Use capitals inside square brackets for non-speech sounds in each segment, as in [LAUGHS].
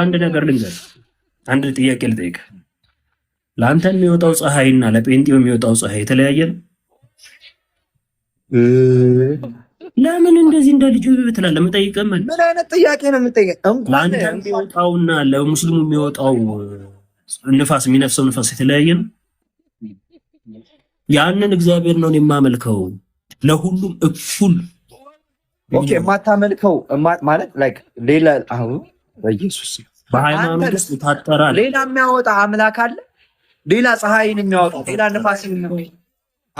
አንድ ነገር ልንገር፣ አንድ ጥያቄ ልጠይቅ። ለአንተ የሚወጣው ፀሐይ እና ለጴንጤው የሚወጣው ፀሐይ የተለያየ ነው። ለምን እንደዚህ እንደ ልጁ ትላለህ? የምጠይቀህ ምን አይነት ጥያቄ ነው የምጠይቀህ? ለአንተ የሚወጣውና ለሙስሊሙ የሚወጣው ንፋስ የሚነፍሰው ንፋስ የተለያየ ነው። ያንን እግዚአብሔር ነው የማመልከው። ለሁሉም እኩል የማታመልከው ማለት ላይክ ሌላ አሁን በኢየሱስ በሃይማኖት ውስጥ ታጠራል። ሌላ የሚያወጣ አምላክ አለ? ሌላ ፀሐይን የሚያወጣ ሌላ ነፋስን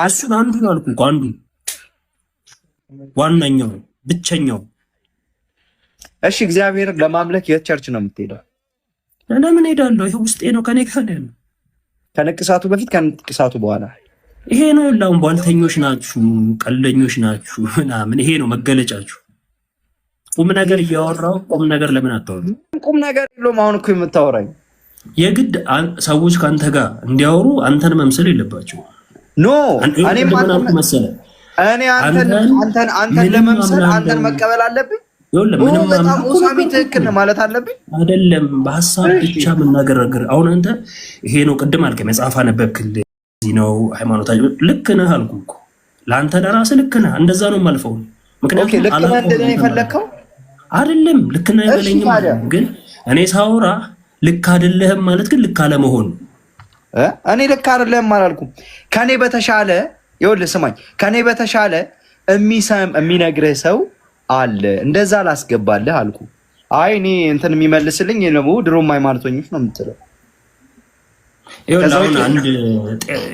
እሱን አንዱ አልኩ እኮ አንዱ ዋነኛው ብቸኛው። እሺ እግዚአብሔር ለማምለክ የት ቸርች ነው የምትሄደው? ለምን ሄዳለሁ? ይሄ ውስጤ ነው፣ ከኔ ጋር ነው ከንቅሳቱ በፊት ከንቅሳቱ በኋላ ይሄ ነው። ላሁን ቧልተኞች ናችሁ፣ ቀለኞች ናችሁ ምናምን፣ ይሄ ነው መገለጫችሁ። ቁም ነገር እያወራው ቁም ነገር ለምን አታወራም? ቁም ነገር የለውም። አሁን እኮ የምታወራኝ የግድ ሰዎች ከአንተ ጋር እንዲያወሩ አንተን መምሰል የለባቸው። ኖ መሰለ እኔ አንተን ለመምሰል አንተን መቀበል አለብኝ። ሳሚ ትክክል ማለት አለብኝ አይደለም። በሀሳብ ብቻ የምናገረግር አሁን አንተ ይሄ ነው ቅድም አልከ መጽሐፍ አነበብክል ነው ሃይማኖታ ልክ ነህ አልኩ እኮ ለአንተ ለራስህ ልክ ነህ። እንደዛ ነው የማልፈው ምክንያቱም ልክ ነህ እንደዚህ የፈለግከው አይደለም። ልክ ነህ አይበለኝም፣ ግን እኔ ሳውራ ልክ አይደለህም ማለት ግን ልክ አለመሆን። እኔ ልክ አይደለህም አላልኩም። ከኔ በተሻለ ይኸውልህ፣ ስማኝ፣ ከኔ በተሻለ የሚሰም የሚነግርህ ሰው አለ። እንደዛ ላስገባልህ አልኩ። አይ እኔ እንትን የሚመልስልኝ ነው ድሮም ሃይማኖተኞች ነው የምትለው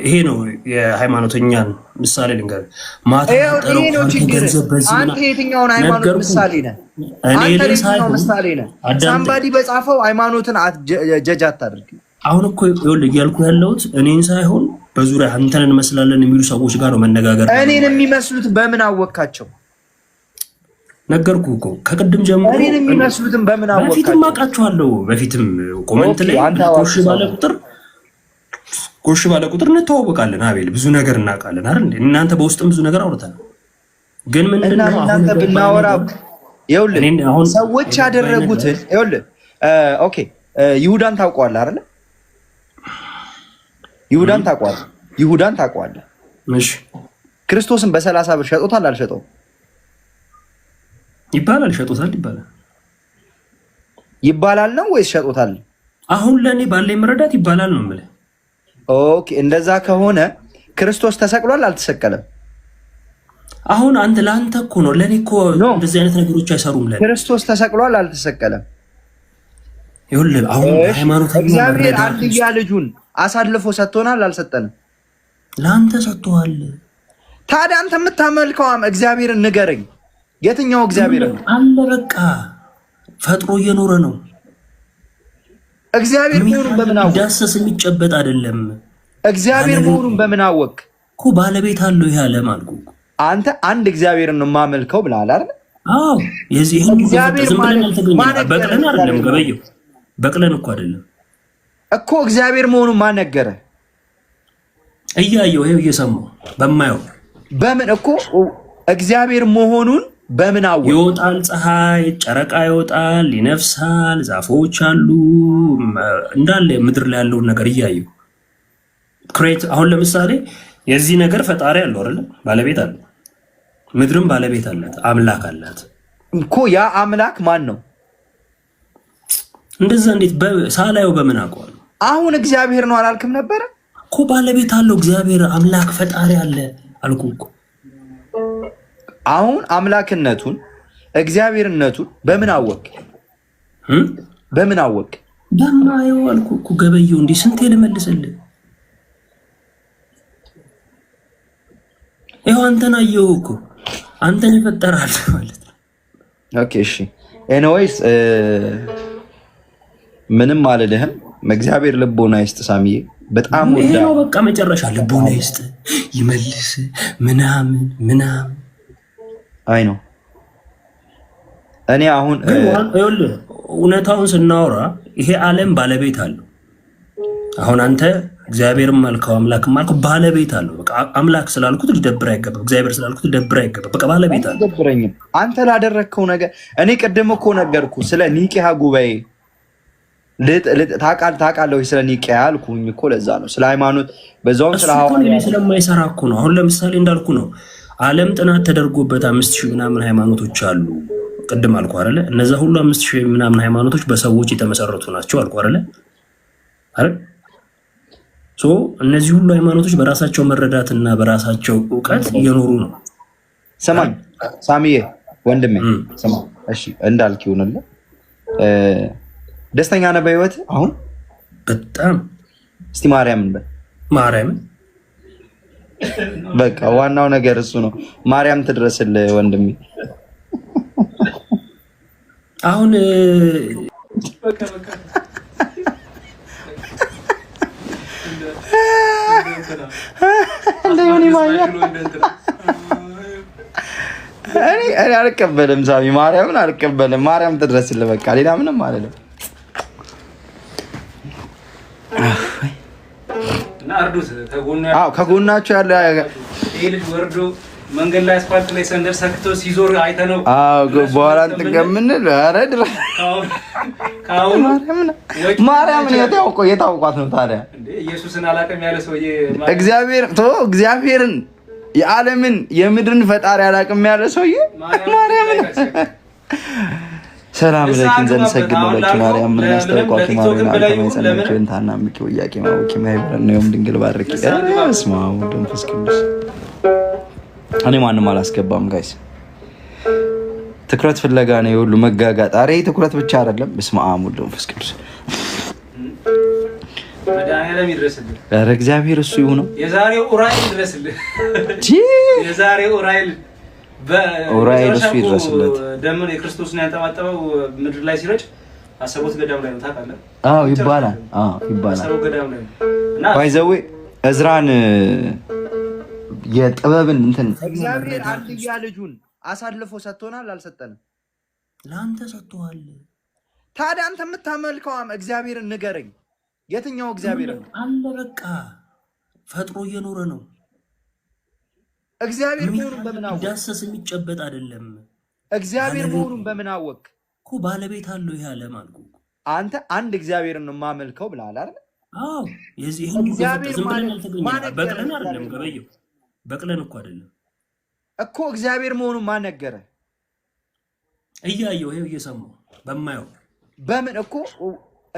ይሄ ነው የሃይማኖተኛን ምሳሌ ልንገር። ማታ ሳምባዲ በጻፈው ሃይማኖትን ጀጅ አታድርግ። አሁን እኮ እያልኩ ያለሁት እኔን ሳይሆን በዙሪያ አንተን እንመስላለን የሚሉ ሰዎች ጋር ነው መነጋገር። እኔን የሚመስሉት በምን አወቃቸው? ነገርኩ እኮ ከቅድም ጀምሮ እኔን የሚመስሉትን በምን አወቃቸው? በፊትም አውቃቸዋለሁ። በፊትም ኮመንት ላይ ሽ ባለ ቁጥር ጎሽ ባለ ቁጥር እንተዋወቃለን። አቤል ብዙ ነገር እናውቃለን አይደል? እናንተ በውስጥም ብዙ ነገር አውርተናል። ግን ምንድን ነው እናንተ ብናወራ ይኸውልህ፣ ሰዎች ያደረጉትን ይኸውልህ፣ ኦኬ ይሁዳን ታውቀዋለህ አይደል? ይሁዳን ታውቀዋለህ፣ ይሁዳን ታውቀዋለህ። እሺ ክርስቶስን በሰላሳ ብር ሸጦታል አልሸጠውም? ይባላል ሸጦታል ይባላል ይባላል ነው ወይስ ሸጦታል? አሁን ለእኔ ባለኝ መረዳት ይባላል ነው የምልህ ኦኬ፣ እንደዛ ከሆነ ክርስቶስ ተሰቅሏል አልተሰቀለም? አሁን አንተ ለአንተ እኮ ነው ለእኔ እኮ እንደዚህ አይነት ነገሮች አይሰሩም። ለ ክርስቶስ ተሰቅሏል አልተሰቀለም? ይሁን አሁን እግዚአብሔር አንድያ ልጁን አሳልፎ ሰጥቶናል አልሰጠንም? ለአንተ ሰጥቶሃል። ታዲያ አንተ የምታመልከዋም እግዚአብሔርን ንገረኝ፣ የትኛው እግዚአብሔር ነው? አንተ በቃ ፈጥሮ እየኖረ ነው እግዚአብሔር መሆኑን በምን አወቅ? ዳሰስ የሚጨበጥ አይደለም። እግዚአብሔር መሆኑን በምን አወቅ? እኮ ባለቤት አለው ይሄ ዓለም አልኩ። አንተ አንድ እግዚአብሔርን ነው የማመልከው ብለሃል አይደል? አዎ። የዚህ ይሄን ዝም ብለን አልተገኘንም። በቅለን አይደለም ገበየው፣ በቅለን እኮ አይደለም እኮ እግዚአብሔር መሆኑን ማን ነገረ? እያየው ይሄው እየሰማሁ በማየው በምን እኮ እግዚአብሔር መሆኑን በምን አወቅ? ይወጣል ፀሐይ፣ ጨረቃ ይወጣል፣ ይነፍሳል፣ ዛፎች አሉ እንዳለ ምድር ላይ ያለውን ነገር እያዩ ክሬት አሁን ለምሳሌ የዚህ ነገር ፈጣሪ አለው አይደለ? ባለቤት አለ። ምድርም ባለቤት አላት፣ አምላክ አላት እኮ። ያ አምላክ ማን ነው? እንደዛ እንዴት ሳላየው በምን አውቀዋለሁ? አሁን እግዚአብሔር ነው አላልክም ነበረ እኮ። ባለቤት አለው እግዚአብሔር አምላክ ፈጣሪ አለ አልኩ እኮ አሁን አምላክነቱን እግዚአብሔርነቱን በምን አወቅ? በምን አወቅ? በማየው አልኩህ እኮ ገበየው። እንዲህ ስንቴ ልመልስልህ? ይኸው አንተን አየሁ እኮ አንተን ይፈጠራል [LAUGHS] ማለት ነው። ኦኬ እሺ፣ ኤኒዌይስ ምንም አልልህም። እግዚአብሔር ልቦና ይስጥ ሳሚዬ፣ በጣም ይሄ በቃ መጨረሻ። ልቦና ይስጥ ይመልስ ምናምን ምናምን አይ ነው እኔ አሁን እውነታውን ስናወራ ይሄ ዓለም ባለቤት አለው። አሁን አንተ እግዚአብሔር አልከው አምላክ ማልከው ባለቤት አለው። በቃ አምላክ ስላልኩት ሊደብር አይገባም፣ እግዚአብሔር ስላልኩት ሊደብር አይገባም። በቃ ባለቤት አለው። አንተ ላደረግከው ነገር እኔ ቅድም እኮ ነገርኩ ስለ ኒቂያ ጉባኤ ታውቃለህ ወይ? ስለ ኒቂያ አልኩኝ እኮ ለዛ ነው ስለ ሃይማኖት በዛውም ስለማይሰራ እኮ ነው። አሁን ለምሳሌ እንዳልኩ ነው ዓለም ጥናት ተደርጎበት አምስት ሺህ ምናምን ሃይማኖቶች አሉ። ቅድም አልኩ አይደለ? እነዛ ሁሉ አምስት ሺህ ምናምን ሃይማኖቶች በሰዎች የተመሰረቱ ናቸው አልኩ አይደለ? አይደል? ሶ እነዚህ ሁሉ ሃይማኖቶች በራሳቸው መረዳትና በራሳቸው እውቀት እየኖሩ ነው። ስማኝ ሳሚዬ ወንድሜ፣ ስማ እሺ፣ እንዳልክ ይሁንል። ደስተኛ ነህ በህይወት አሁን? በጣም እስቲ ማርያምን በል ማርያምን በቃ ዋናው ነገር እሱ ነው። ማርያም ትድረስልህ ወንድሜ። አሁን እኔ አልቀበልም፣ ሳሚ ማርያምን አልቀበልም። ማርያም ትድረስልህ። በቃ ሌላ ምንም አልልም። ከጎናቸው ያለ ይሄ ልጅ ወርዶ መንገድ ላይ አስፋልት ላይ ሰንደር ሰክቶ ሲዞር አይተነው። አዎ በኋላ እንጥቀምንል አረድ ማርያምን የታወቋት ነው ታዲያ። ኢየሱስን አላውቅም ያለ ሰውዬ እግዚአብሔር ቶ እግዚአብሔርን የዓለምን የምድርን ፈጣሪ አላውቅም ያለ ሰውዬ ማርያምን ሰላም ለኪን ነው ለኪ ማርያም ምናስተርቋኪ ማርያም አልተመጸነችን ታና ምኪ ወያቂ ማውኪ ማይብረን ነው ድንግል ባርኪ ስማው መንፈስ ቅዱስ። እኔ ማንም አላስገባም ጋይስ። ትኩረት ፍለጋ ነው የሁሉ መጋጋጥ። አሬ ትኩረት ብቻ አይደለም። በስመ አብ ወወልድ ወመንፈስ ቅዱስ። ኧረ እግዚአብሔር እሱ ይሁነው። የዛሬው ኡራኤል ድረስልህ። የዛሬው ኡራኤል በመጨረሻ ደምን የክርስቶስን ያንጠባጠበው ምድር ላይ ሲረጭ አሰቦት ገዳም ላይ ነው ታውቃለህ? አዎ ይባላል። አዎ ይባላል። ገዳም ላይ እዝራን የጥበብን እንትን እግዚአብሔር አንድያ ልጁን አሳልፎ ሰጥቶናል። አልሰጠንም? ለአንተ ሰጥቶሃል። ታዲያ አንተ የምታመልከው እግዚአብሔርን ንገረኝ። የትኛው እግዚአብሔር አለ? በቃ ፈጥሮ እየኖረ ነው እግዚአብሔር መሆኑን በምን አወቅ? ዳሰስ የሚጨበጥ አይደለም። እግዚአብሔር መሆኑን በምን አወቅ? እኮ ባለቤት አለው ይሄ ዓለም አልኩ። አንተ አንድ እግዚአብሔርን ነው የማመልከው ብለሃል አይደል? አዎ። የዚህ ሁሉ እግዚአብሔር ማለት ማለት በቅለን አይደለም ገበየው፣ በቅለን እኮ አይደለም እኮ እግዚአብሔር መሆኑን ማነገረ እያየው ይሄው እየሰማው በማየው በምን እኮ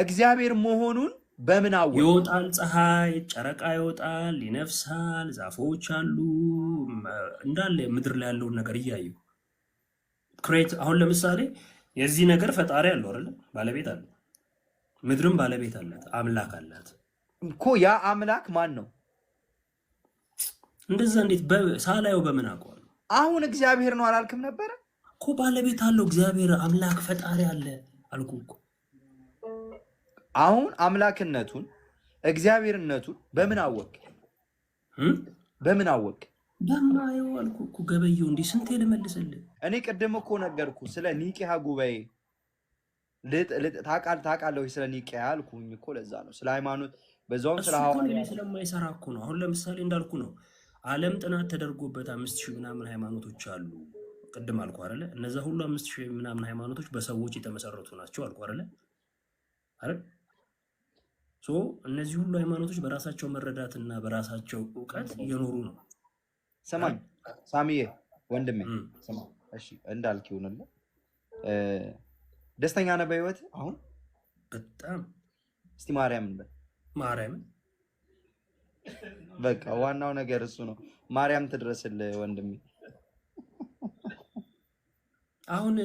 እግዚአብሔር መሆኑን በምን አወቅ? ይወጣል ፀሐይ፣ ጨረቃ ይወጣል፣ ይነፍሳል፣ ዛፎች አሉ እንዳለ ምድር ላይ ያለውን ነገር እያዩ ክሬት አሁን ለምሳሌ የዚህ ነገር ፈጣሪ አለው አይደለ? ባለቤት አለ። ምድርም ባለቤት አላት፣ አምላክ አላት እኮ። ያ አምላክ ማን ነው? እንደዛ እንዴት ሳላየው በምን አውቀዋለሁ? አሁን እግዚአብሔር ነው አላልክም ነበረ እኮ። ባለቤት አለው እግዚአብሔር አምላክ ፈጣሪ አለ አልኩ እኮ አሁን አምላክነቱን እግዚአብሔርነቱን በምን አወቅ? በምን አወቅ? በማየው አልኩህ እኮ ገበየው። እንዲህ ስንቴ ልመልስልህ? እኔ ቅድም እኮ ነገርኩ ስለ ኒቅያ ጉባኤ ታውቃለህ ወይ? ስለ ኒቅያ አልኩኝ እኮ ለዛ ነው። ስለ ሃይማኖት በዛውም ስለማይሰራ እኮ ነው። አሁን ለምሳሌ እንዳልኩ ነው አለም ጥናት ተደርጎበት አምስት ሺህ ምናምን ሃይማኖቶች አሉ። ቅድም አልኩ አለ እነዛ ሁሉ አምስት ሺህ ምናምን ሃይማኖቶች በሰዎች የተመሰረቱ ናቸው አልኩ አለ አይደል እነዚህ ሁሉ ሃይማኖቶች በራሳቸው መረዳትና በራሳቸው እውቀት እየኖሩ ነው። ስማኝ ሳሚዬ ወንድሜ እንዳልክ ይሁንል። ደስተኛ ነህ በህይወት አሁን? በጣም እስቲ ማርያምን በል ማርያምን በቃ ዋናው ነገር እሱ ነው። ማርያም ትድረስል ወንድሜ። አሁን